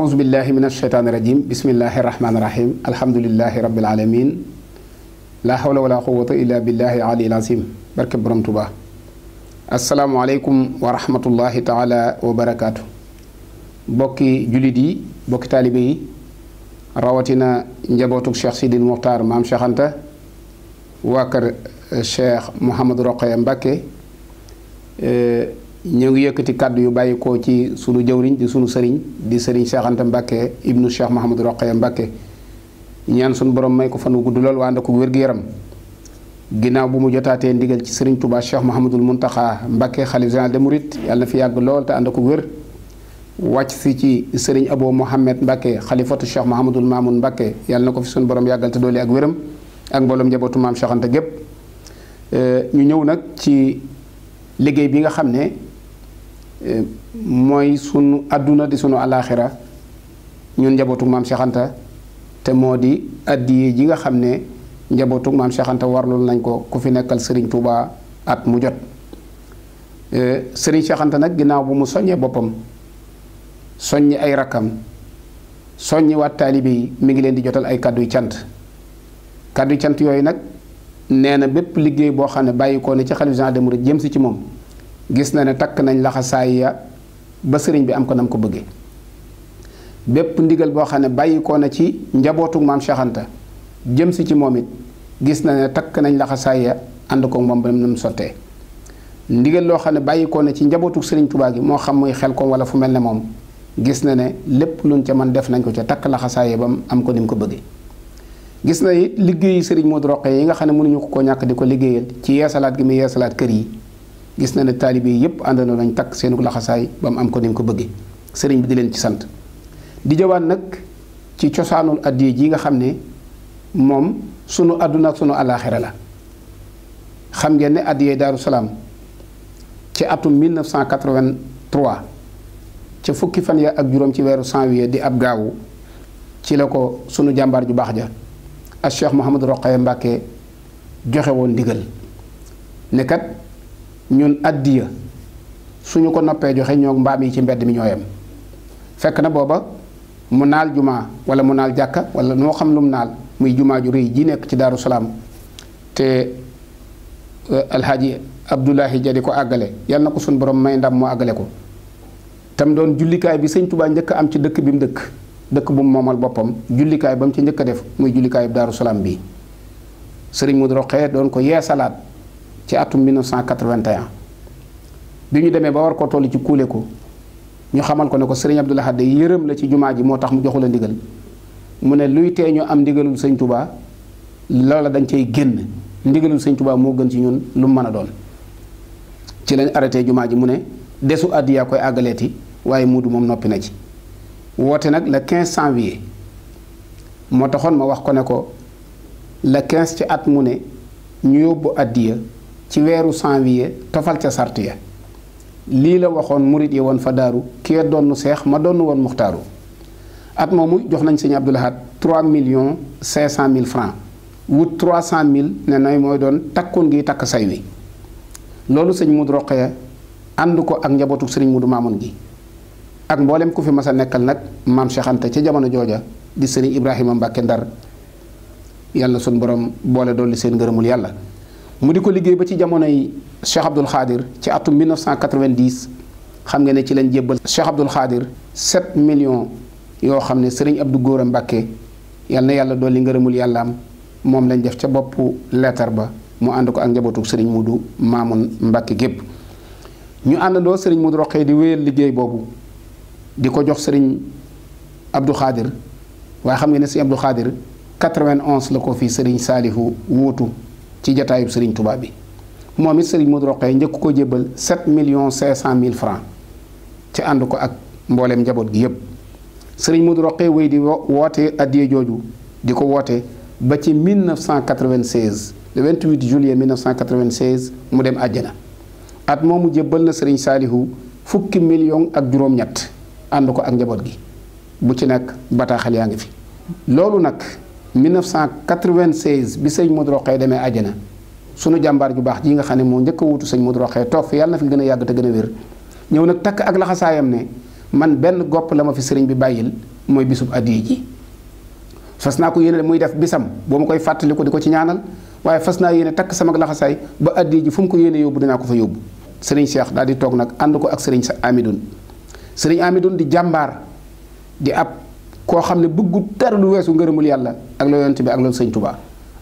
أعوذ بالله من الشيطان الرجيم بسم الله الرحمن الرحيم الحمد لله رب العالمين لا حول ولا قوة إلا بالله العلي العظيم بركة برم توبا السلام عليكم ورحمة الله تعالى وبركاته بوكي جلدي بوكي طالبي rawatina njabootuk cheikh sidil muxtaar maam cheikh anta waa kër cheikh mouhamadou roqaya mbàkke ñu ngi yëkkati kàddu yu bàyyi ko ci sunu jëwriñ di sunu sëriñ di sëriñ Cheikh Anta Mbacke ibnu Cheikh Mahamadou Roqaya ñaan sunu borom may ko fan lool waa ànd yaram ginnaaw bu mu jotaatee ndigal ci sëriñ Touba Cheikh Mahamadul Muntaxa Mbacke xalif général des yàlla fi yàgg lool te ànd wàcc fi ci sëriñ Abo Mohamed Mbacke xalifatu Cheikh Mahamadul Mamoun Mbacke yàlla na ko fi sunu borom yàggal te doole ak wéram ak mbooloom njabootu maam Cheikh Anta gépp ñu ñëw nag ci liggéey bi nga xam ne mooy sunu àdduna di sunu alaaxira ñun njabootu maam Cheikh te moo di addiye ji nga xam ne njabootu maam Cheikh Anta nañ ko ku fi nekkal Serigne Touba at mu jot eh, Serigne Cheikh Anta nag ginnaaw bu mu soññee boppam soññ ay rakkam soññi waat taalibe yi mi ngi leen di jotal ay kàddu yu cant kàddu yu cant yooyu nag nee na bépp liggéey boo xam ne bàyyi ko ne ci xalifa général des mourides jëm si ci moom. gis na ne takk nañ laxasaay ya ba sëriñ bi am ko nam ko bëggee bépp ndigal boo xam ne bàyyi ko na ci njabootu maam Cheikh Anta jëm si ci moom it gis na ne takk nañ laxasaay ya ànd ko moom ba mu sottee ndigal loo xam ne bàyyi ko na ci njabootu sëriñ Tuubaa yi moo xam muy xel ko wala fu mel ne moom gis na ne lépp luñ ca man def nañ ko ca takk laxasaay ya ba am ko ni ko bëggee. gis na it liggéeyu sëriñ Modou Rokhaya yi nga xam ne mënuñu ko koo ñàkk ko liggéeyal ci yeesalaat gi muy yeesalaat kër yi. gis na ne taalibe yëpp àndandoo nañ takk seen laxasaay ba mu am ko ni mu ko bëggee sëriñ bi di leen ci sant di jawaan nag ci cosaanul addiya ji nga xam ne moom sunu àdduna sunu alaaxira la xam ngeen ni addiya Daaru Salaam ci atum 1983 ca fukki fan ya ak juróom ci weeru janvier di ab gaawu ci la ko sunu jàmbaar ju baax ja ak Cheikh Mouhamadou Roqaye Mbàkke joxe woon ndigal ne ñun addiya suñu ko noppee joxe ñoo mbaam yi ci mbedd mi ñoo yem fekk na booba mu naal jumaa wala mu naal jàkka wala moo xam lu naal muy jumaa jur yi ji nekk ci Daaru Salaam te eh, alxaaji Abdoulahi ja di ko àggale yàlla na ko suñu borom may ndam moo àggale ko tam doon jullikaay bi sëñ Tuubaa njëkk am ci dëkk bi mu dëkk dëkk bu mu moomal boppam jullikaay ba mu ci njëkk a def muy jullikaayu Daaru Salaam bi sëriñ Modou Rokhaya doon ko yeesalaat ci atum 1981 bi ñu demee ba war ko toll ci kuule ko ñu xamal ko ne ko sëriñ Abdou Lahad yërëm la ci jumaa ji moo tax mu joxu la ndigal mu ne luy tee ñu am ndigalul sëñ Touba loola dañ cay génn ndigalul sëñ Touba moo gën ci ñun lu mu mën a doon ci lañ arrêté jumaa ji mu ne desu àddiyaa koy àggaleeti waaye muudu moom noppi na ci woote nag la quinze cent janvier moo taxoon ma wax ko ne ko le quinze ci at mu ne ñu yóbbu àddiya ci weeru janvier tofal ca sart ya lii la waxoon murit yi woon fa daaru kee donnu seex ma donnu woon muxtaaru at moomu jox nañ sëñ Abdou Lahad 3 millions 500 mille francs wut 300 mille ne nay mooy doon takkoon gi takk say wi loolu sëñ Modou Rokhaya ànd ko ak njabootu sëriñ Modou Mamoun gi ak mboolem ku fi mas a nekkal nag maam Cheikh ca jamono jooja di sëriñ Ibrahima Mbacke Ndar yàlla sun borom boole dolli seen ngërëmul yàlla mu di ko liggéey ba ci jamonoy Cheikh Abdoul Khadir ci atum 1990 xam nga ne ci lañ jébbal Cheikh Abdoul Khadir 7 millions yoo xam ne sëriñ góor a Mbàkke yal na yàlla dolli ngërëmul yàllaam moom lañ def ca boppu leetar ba mu ànd ko ak njabootu sëriñ Mudu Maamun Mbàkke gépp ñu àndandoo sëriñ mu Mudu Roqee di wéyal liggéey boobu di ko jox sëriñ Abdou Khadir waaye xam nga ne sëriñ Abdou Khadir 91 la ko fi sëriñ Saalihu wuutu ci jataayub sëriñ Touba bi moom it sëriñ Modou Rokhaya njëkk ko jébbal 7 millions 500 mille francs ci ànd ko ak mbooleem njaboot gi yépp sëriñ Modou Rokhaya wéy di woote addiye jooju di ko woote ba ci 1996 le 28 juillet 1996 mu dem àjjana at moomu jébbal na sëriñ Saalihu fukki million ak juróom-ñett ànd ko ak njaboot gi bu ci nekk bataaxal yaa ngi fi loolu nag 1996 bi sëñ Modou Rokhaya demee àjjana sunu jàmbaar ju baax ji nga xam ne moo njëkk a wuutu sëñ Modou Rokhaya toog fi yàlla na fi gën a yàgg te gën a wér ñëw nag takk ak laxasaayam ne man benn gopp la ma fi sëriñ bi bàyyil mooy bisub addiya ji fas naa ko yéene muy def bisam boo ma koy fàttali ko di ko ci ñaanal waaye fas naa yéene takk sama laxasaay ba addiya ji fu mu ko yéene yóbbu dinaa ko fa yóbbu sëriñ Cheikh daal di toog nag ànd ko ak sëriñ sa Amidoun sëriñ Amidoun di jàmbaar di ab koo xam ne bëggu dara lu weesu ngërëmul yàlla ak la yonent bi ak la sëñ Touba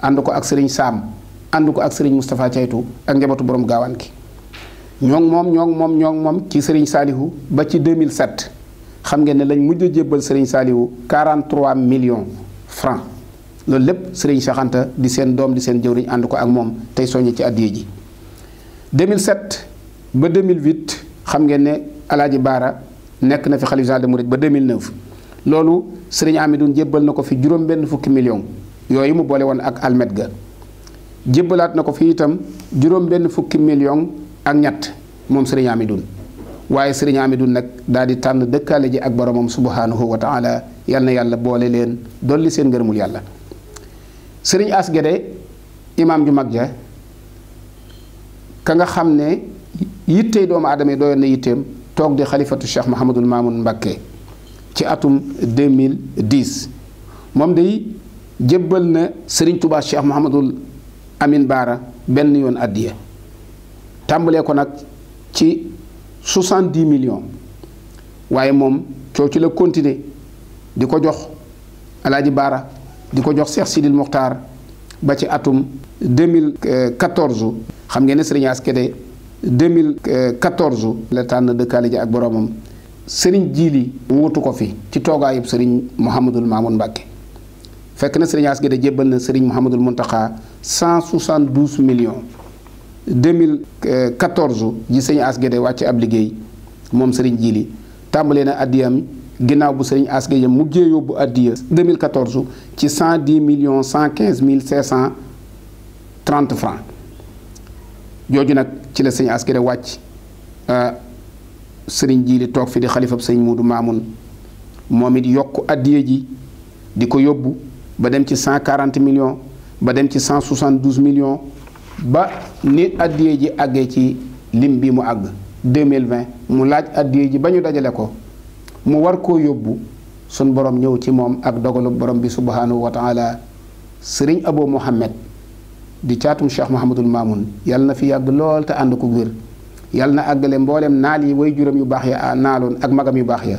ànd ko ak sëriñ Saam ànd ko ak sëriñ Moustapha Caytu ak njabatu boroom gaawaan gi ñoo moom ñoo moom ñoo moom ci sëriñ Saalihu ba ci 2007 xam ngeen ne lañ mujj a jébbal sëriñ Saalihu 43 millions francs loolu lépp sëriñ Cheikh di seen doom di seen jëwriñ ànd ko ak moom tey soññe ci addiye ji 2007 ba 2008 xam ngeen ne Alaaji Baara nekk na fi xalifa général des mourides ba 2009 loolu sëriñ Amidoun jébbal na ko fi juróom-benn fukki million yooyu mu boole woon ak almet ga jébbalaat na ko fi itam juróom-benn fukki million ak ñett moom sëriñ Amidoun waaye sëriñ Amidoun nag daal di tànn dëkkaale ji ak boromam subhanahu wa taala yal na yàlla boole leen dolli seen ngërëmul yàlla sëriñ As Guédé imaam ju mag ja ka nga xam ne yittey doomu aadama yi doyoon na yitteem toog di xalifatu Cheikh Mahamadul Mamoun Mbakke ci atum 2010 moom day jébbal na sëriñ Touba Cheikh Mouhamadul Amin Baara benn yoon addiya tàmbalee ko nag ci di million waaye moom coow ci la continuer di ko jox Alaaji Baara di ko jox Cheikh Sidil Mokhtar ba ci atum 2014 xam ngeen ne Serigne Askede 2014 la tànn dëkkaale ji ak boroomam sëriñ Jiili wuutu ko fi ci toogaayub sëriñ Mouhamadul Mamoun Mbacke fekk na sëriñ Asgede jébbal na sëriñ Mouhamadul Mountakha 172 millions 2014 ji sëriñ Asgede wàcc ab liggéey moom sëriñ Jiili tàmbalee na addiyam ginnaaw bu sëriñ Asgede mujjee yóbbu addiya 2014 ci 110 millions 115 mille 530 francs jooju nag ci la sëriñ Asgede wàcc. Euh, sëriñ jiili toog fi di xalifab sëriñ Muudu Maamun moom it yokk addiye ji di ko yóbbu ba dem ci cent quarante million ba dem ci cent soixante douze million ba ni addiye ji àggee ci lim bi mu àgg deux mille vingt mu laaj addiye ji ba ñu dajale ko mu war koo yóbbu sun borom ñëw ci moom ak dogalu borom bi subhanahu wa taala sëriñ Abo Mohammed di caatum Cheikh Mouhamadul Mamoun yàlla na fi yàgg lool te ànd ko wér. yàlla na àggale mboolem naal yi way juróom yu baax ya naaloon ak magam yu baax ya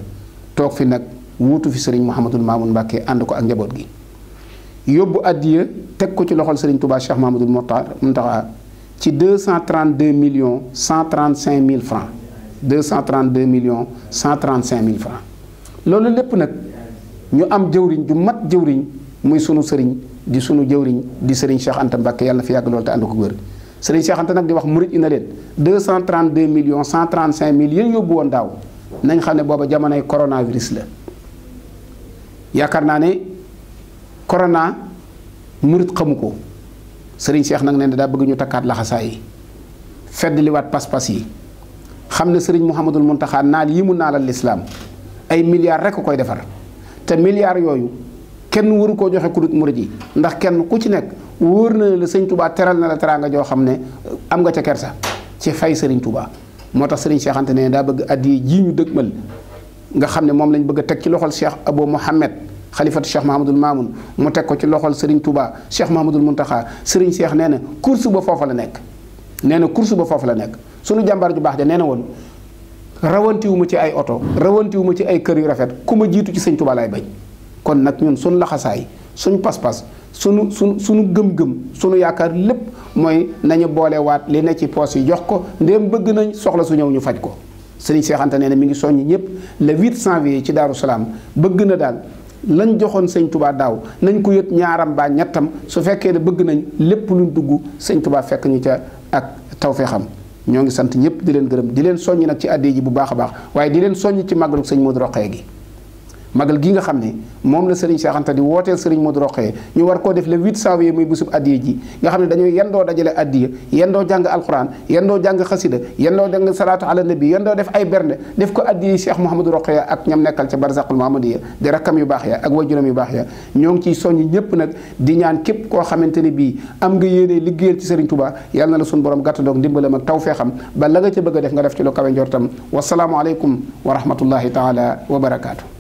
toog fi nag wuutu fi sëriñ Mouhamadul Mamoun Mbacke ànd ko ak njaboot gi yóbbu addiya teg ko ci loxol sëriñ Touba Cheikh Mouhamadul Mountakha ci 232 millions 135 mille francs million millions 135 mille francs loolu lépp nag ñu am jëwriñ ju mat jëwriñ muy sunu sëriñ di sunu jëwriñ di sëriñ Cheikh Anta Mbacke yàlla fi yàgg lool te ànd ko wér Sëriñ seexante nag di wax murit ina leen 232 millions 135 mille yéen yóbbu woon daaw nañ xam ne booba jamonoy coronavirus la yaakaar naa ne corona murit xamu ko Sëriñ Cheikh nag ne daa bëgg ñu takkaat laxasaay yi fedd liwaat pas-pas yi xam ne Sëriñ Mouhamadul Muntaxa naal yi mu naalal lislaam ay milliards rekk koy defar te milliards yooyu kenn waru koo joxe kudut murit yi ndax kenn ku ci nekk wóor na la sëñ tubaa teral na la teraanga joo xam ne euh, am nga ca kersa ci fay sëriñ tubaa moo tax sëriñ Cheikh Anta ne daa bëgg addiya jii ñu dëgg dëgmal nga xam ne moom lañ bëgg a teg ci loxol Cheikh Abou Mouhamed xalifatu Cheikh Mahamadul Mamoun mu teg ko ci loxol sëriñ tubaa Cheikh Mahamadul Muntaxa sëriñ Cheikh nee na course ba foofa la nekk nee na course ba foofa la nekk sunu jàmbaar ju baax ja nee na woon rawantiwu ma ci ay oto rawantiwu ma ci ay kër yu rafet ku ma jiitu ci sëñ tubaa laay kon nag ñun sun laxasaay suñu pas-pas suñu suñu suñu gëm-gëm suñu yaakaar lépp mooy nañu boolewaat li ne ci poos yi jox ko ndéem bëgg nañ soxla su ñëw ñu faj ko sëriñ Cheikh Anta nee na mi ngi soññ ñëpp le 8 janvier ci Daaru Salaam bëgg na daal lañ joxoon sëñ tubaa daaw nañ ko yët ñaaram baa ñettam su fekkee ne bëgg nañ lépp luñ dugg sëñ Touba fekk ñu ca ak tawféexam ñoo ngi sant ñëpp di leen gërëm di leen soññ nag ci addi ji bu baax baax waaye di leen soññ ci màggalu sëñ Modou Rokhaya gi magal gi nga xam ne moom la Serigne Cheikh Anta di wooteel Serigne Modou Rokhaya ñu war koo def le 8 janvier muy busub addiya ji nga xam ne dañoo yendoo dajale addiya yendoo jàng alquran yendoo jàng xasida yendoo jàng salaatu ala nabi yendoo def ay bernde def ko addiya Cheikh Mouhamadou Rokhaya ak ñam nekkal ca barzaqul mahmadiya di rakkam yu baax ya ak wajuram yu baax ya ñoo ngi ciy soññ ñëpp nag di ñaan képp koo xamante ne bii am nga yéene liggéeyal ci Serigne Touba yàlla na la suñu borom gàttandoog ndimbalam ak tawfeexam ba la nga ca bëgg a nga def ci lu kawe njortam wasalaamu aleykum wa rahmatullahi taala wa barakaatu